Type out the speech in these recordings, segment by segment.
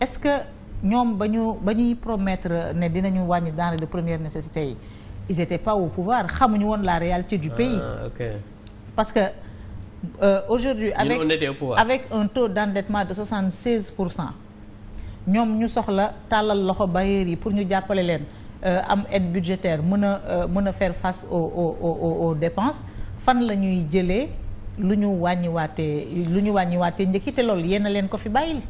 est-ce que ñoom ba ñu ba ñuy promettre ne dina ñu wàññi denrées de première nécessité yi ils étaient pas au pouvoir xamuñu woon la réalité du ah, pays ah, okay. parce que euh, aujourd'hui avec avec un taux d'endettement de 76 pour cent ñoom ñu soxla tàllal loxo bailleurs yi pour ñu jàppale leen euh, am aide budgétaire mën a euh, mën a faire face aux aux aux fan la ñuy jëlee lu ñu wàññiwaatee lu ñu wàññiwaatee njëkk te loolu yéen leen ko fi bàyyil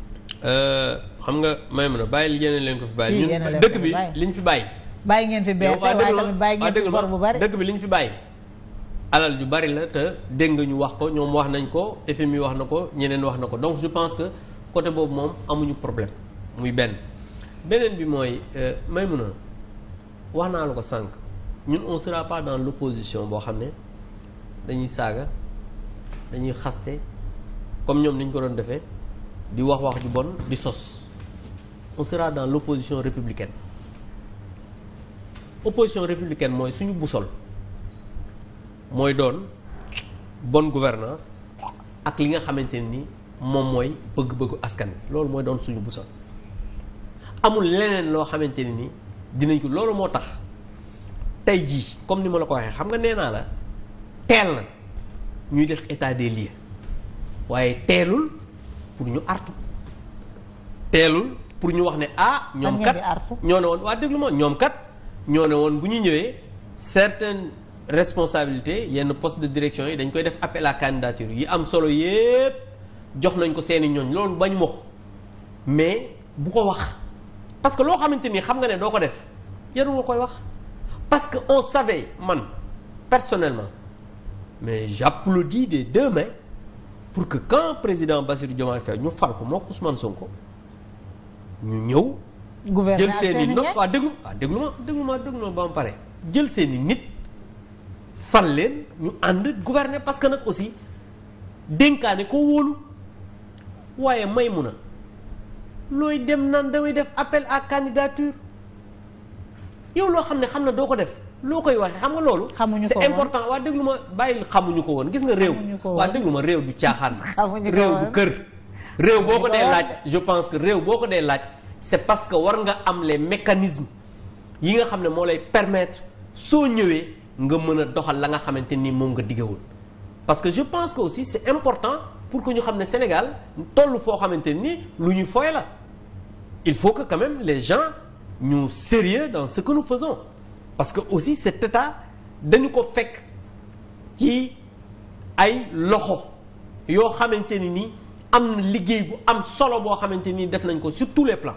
Euh, xam nga may mën a bàyyi yeneen leen ko fi bàyyi. ñun dëkk bi li ñu fi bàyyi. bàyyi ngeen fi benn waaye tamit bàyyi ngeen fi bor bu bari dëkk bi liñ fi bàyyi. alal ju bari la te dégg nga ñu wax ko ñoom wax nañ ko FMI wax na ko ñeneen wax na ko donc je pense que côté boobu moom amuñu problème muy benn. beneen bi mooy euh, may mën wax naa la ko sànq ñun on sera pas dans l'opposition boo xam ne dañuy saaga dañuy xaste comme ñoom niñ ko doon defee. di wax wax ju bon di sos on sera dans l'opposition républicaine opposition républicaine mooy suñu boussole mooy doon bon gouvernance ak li nga xamante ni moom mooy bëgg-bëggu askan bi loolu mooy doon suñu boussole amul leneen loo xamante ne ni dinañ ko loolu moo tax tey jii comme ni ma la ko waxee xam nga nee naa la teel na ñuy def état de lii waaye teelul pour ñu artu teelul pour ñu wax ne ah ñoom kat ñoo ne woon waa déglu ma ñoom kat ñoo ne woon bu ñu ñëwee certaines responsabilités yenn poste de direction yi dañ koy def appel candidature yi am solo yépp jox nañ ko seeni ñooñ loolu bañ ma ko mais bu ko wax parce que loo xamante ni xam nga ne doo ko def jarul koy wax parce que on savait man personnellement mais j'applaudis des deux mai pour que quand président Bassirou Diomaye Faye ñu fal ko moom Ousmane Sonko ñu ñëw. jël seen i nopp waaw déglu waaw ah, déglu ma déglu ma ba mu pare jël seeni nit fal leen ñu ànd gouverner parce que nag aussi dénkaane ko wóolu waaye may mun a looy dem naan damay def appel à candidature yow loo xam ne xam na doo ko def loo koy waxee xam nga loolu. xamuñu ko c'est important waa déglu ma bàyyil xamuñu ko woon gis nga réew. waa déglu ma réew du caaxaan. na ko réew du kër. réew boo ko dee laaj je pense que réew boo ko dee laaj. c'est parce que war nga am lee mécanisme yi nga xam ne moo lay permettre soo ñëwee nga mën a doxal la nga xamante nii moom nga diggawoon parce que je pense que aussi c'est important pour que ñu xam ne Sénégal toll foo xamante ni lu ñu fooy la il faut que quand même les gens ñu sérieux dans ce que nous parce que aussi cet teta dañu ko fekk ci ay loxo yoo xamante ni nii am liggéey bu am solo boo xamante nii def nañ ko sur tous les plans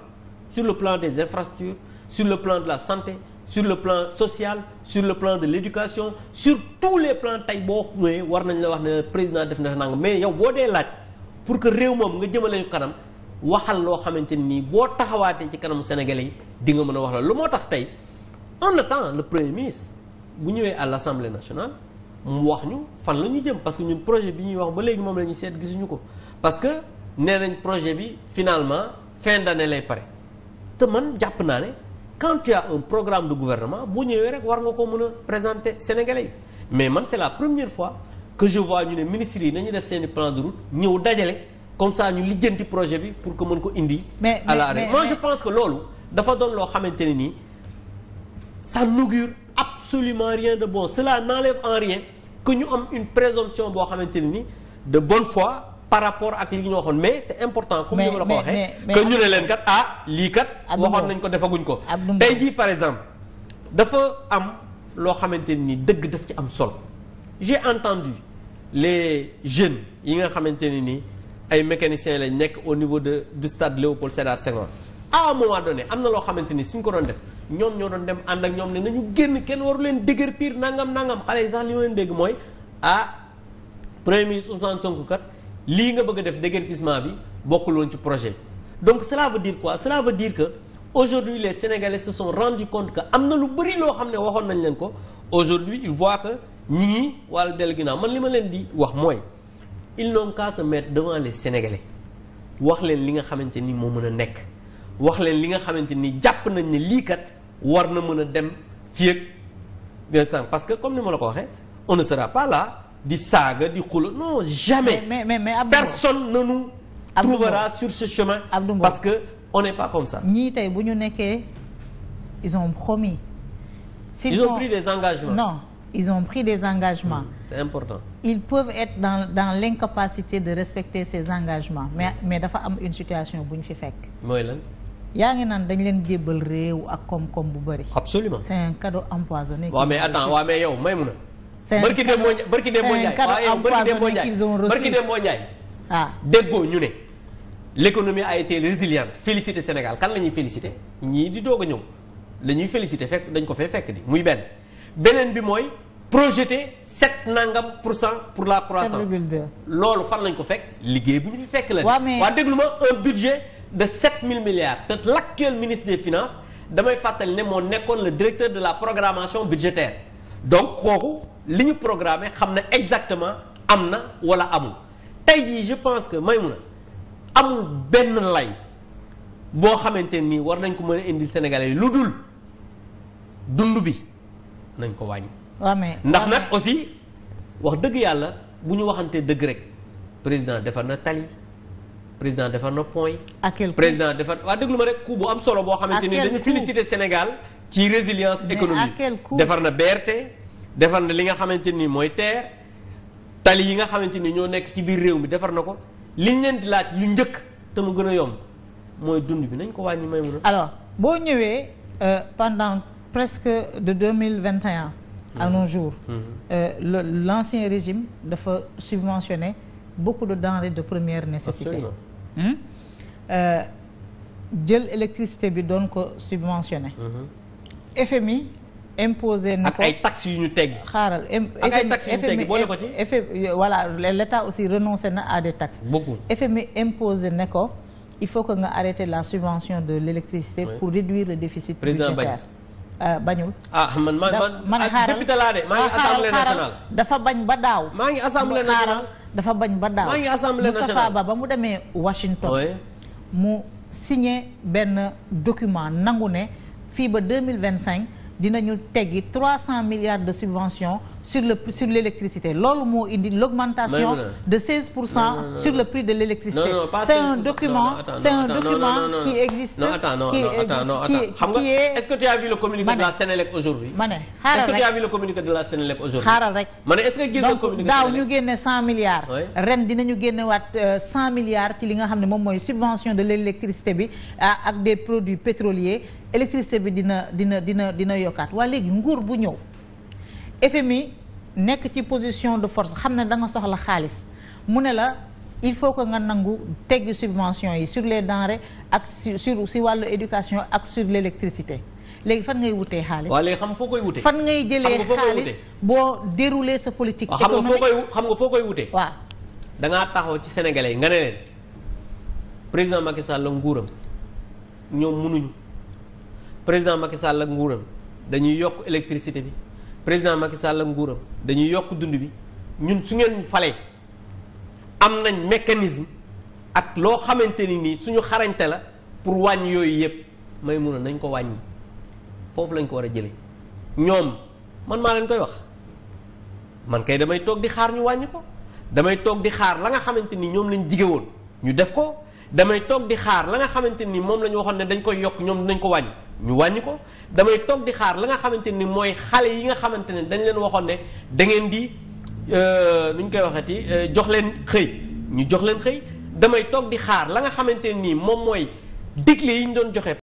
sur le plan des infrastructures sur le plan de la santé sur le plan social sur le plan de l'éducation sur tous les plans tey boo ñëwee war nañ la wax ne président def na nangam mais yow boo dee laaj pour que réew moom nga jëmalee ko kanam waxal loo xamante ni boo taxawaatee ci kanamu Sénégalais yi di nga mën a wax la lu moo tax tey en attendant le premier ministre bu ñëwee à l' assemblée nationale mu wax ñu fan la ñu jëm parce que ñun projet bi ñuy wax ba léegi moom la ñuy seet gisuñu ko parce que nee nañ projet bi finalement fin d' année lay pare te man jàpp naa ne quand tu as un programme de gouvernement boo ñëwee rek war nga ko mën a présenter Sénégalais yi mais man c' est la première fois que je vois ñu ne ministres yi nañu def seeni plan de ñëw dajale comme ça ñu lijjanti projet bi pour que mën ko indi. à la moi je que loolu dafa doon loo xamante ne nii. ça n'augure absolument rien de bon cela n'enlève en rien que ñu am une présomption boo xamante ne ni de bonne fois par rapport ak li ñu waxoon mais c'est important comme ni la ko waxee que ñu ne leen kat ah lii kat waxoon nañ ko defaguñ ko tey jii par exemple dafa am loo xamante ni dëgg daf ci am solo j'ai entendu les jeunes yi nga xamante ne ni ay mécaniciens lañ nekk au niveau de du stade Léopold Sédar Senghor à un moment donné am na loo xamante ni suñ ko doon def ñoom ñoo doon dem ànd ak ñoom ne nañu génn kenn waru leen dëgër piir nangam nangam xale yi sax li ma leen dégg mooy a ah, premier ministre Ousmane Sonko kat lii nga bëgg a def déguerpissement bi bokkul woon ci projet bi donc cela veut dire quoi cela veut dire que aujourd'hui les sénégalais se sont rendu compte que am na lu bëri loo xam ne waxoon nañ leen ko aujourd'hui ils voient que ñi ngi wàllu dellu man li ma leen di wax mooy ils n'ont qu'à se mettre devant les sénégalais wax leen li nga xamante ni moo mën a nekk wax leen li nga xamante ni jàpp nañ ne lii kat. war na mën a dem fii ak parce que comme ni ma la ko waxee on ne sera pas là di saaga di xuloo non jamais. mais mais mais Abdou personne na nous trouvera sur ce chemin. parce que on n'est pas comme ça. ñii tey bu ñu nekkee ils ont promis. S'ils ils ont pris des engagements non. ils ont pris des engagements. Hmm, c'est important. ils peuvent être dans dans l'incapacité de respecter ces engagements mais mais dafa am une situation bu ñu fi fekk. mooy yaa ngi naan dañ leen jébbal réew ak koom-koom bu bëri. absolument c'est un cadeau empoisonné. waaw mais attends waaw mais yow may mun a. c'est un cadeau barki Dembo Ndiaye barki Dembo Ndiaye barki Dembo Ndiaye. ah déggoo ñu ne. l'économie a été résiliente félicité Sénégal kan la ñuy félicité ñii di doog a ñëw la ñuy félicité fekk dañ ko fee fekk di muy benn beneen bi mooy projeté sept nangam pour cent pour la croissance. 7,2 loolu fan lañ ko fekk liggéey bu ñu fi fekk la. waaw mais waa déglu ma un budget. de mille milliards te l'actuel ministre des finances damay fàttali ne moo nekkoon le directeur de la programmation budgétaire donc kooku li ñu programme xam na exactement am na wala amul tey jii je pense que Maïmouna amul benn lay boo xamante nii war nañ ko mën a indi Sénégalais yi lu dul dund bi nañ ko wàññi. ndax nag aussi wax dëgg yàlla bu ñu waxantee dëgg rek président defar na tali. président defar na point. à quel coup président defar waa déglu ma rek coup bu am solo boo. xamante ni dañu féliciter Sénégal ci résilience économique defar na BRT. defar na li nga xamante nii mooy TER tali yi nga xamante ni ñoo nekk ci biir réew mi defar na ko liñ leen di laaj yu njëkk te mu gën a yomb mooy dund bi nañ ko wàññi may mun a. boo ñëwee euh, pendant presque de deux mille vingt et un à mhm. jours. Mmh. Euh, le l'ancien régime dafa subventionné beaucoup de denrées de première nécessité. Absolument. Hmm? Euh, jël électricité bi doon ko subventionné. Uh-huh. FMI imposé na ko ak ay taxes yu ñu teg. xaaral ak ay taxes yu ñu teg boole ko ci FMI voilà l'État aussi renoncé na à tax taxes. beaucoup FMI imposé ne ko il faut que nga arrêter la subvention de l'électricité oui. pour réduire le déficit Président bañul. Euh, ah man man man ah, député laa de maa ngi ah, assemblée nationale. dafa bañ ba daaw. maa ngi assemblée nationale. dafa bañ ba daaw Moustapha Ba ba mu demee Washington mu signe benn document nangu ne fii ba deux mille vingt cinq dina ñu teggi trois cent milliards de subventions sur le sur l'électricité loolu moo indi l'augmentation de seize pour cent sur le prix de l'électricité c'est un document qui existe qui est ce que tu as vu le communiqué de la Sénélec aujourd'hui ma xaaral rek que tu as vu le communiqué de la Sénélec aujourd'hui xaaral ma ne est-ce que gis daaw ñu génne cent milliards ren dinañu génne waat euh, cent milliards ci li nga xam ne moom mooy subvention de l'électricité bi ak des produits pétroliers électricité bi dina dina dina dina yokkaat waa léegi nguur bu ñëw FMI nekk ci position de force xam na da soxla xaalis mu ne la il faut que nga nangu teggi subvention yi sur les denrées ak sur si wàllu éducation ak sur l'électricité léegi fan ngay wutee xaalis. waaw xam nga foo koy wutee. fan ngay jëlee xaalis boo dérouler sa politique. économique xam nga foo koy xam nga foo koy wutee. waaw da taxaw ci sénégalais yi nga ne leen président Macky Sall la nguuram ñoom mënuñu. président Macky Sall ak nguuram dañuy yokk électricité bi président Macky Sall ak nguuram dañuy yokk dund bi ñun su ngeen falee am nañ mécanisme ak loo xamante ni nii suñu xarañte la pour wàññi yooyu yëpp may mun a nañ ko wàññi foofu lañ ko war a jëlee ñoom man maa lañ koy wax man kay damay toog di xaar ñu wàññi ko damay toog di xaar la nga xamante ni ñoom lañ jige woon ñu def ko damay toog di xaar la nga xamante nii moom la ñu waxoon ne dañ koy yokk ñoom dinañ ko wàññ ñu wàññi ko damay toog di xaar la nga xamante nii mooy xale yi nga xamante ne dañ leen waxoon ne da ngeen di euh, nu ñu koy waxati euh, jox leen xëy ñu jox leen xëy damay toog di xaar la nga xamante nii moom mooy dégle yi ñu doon joxe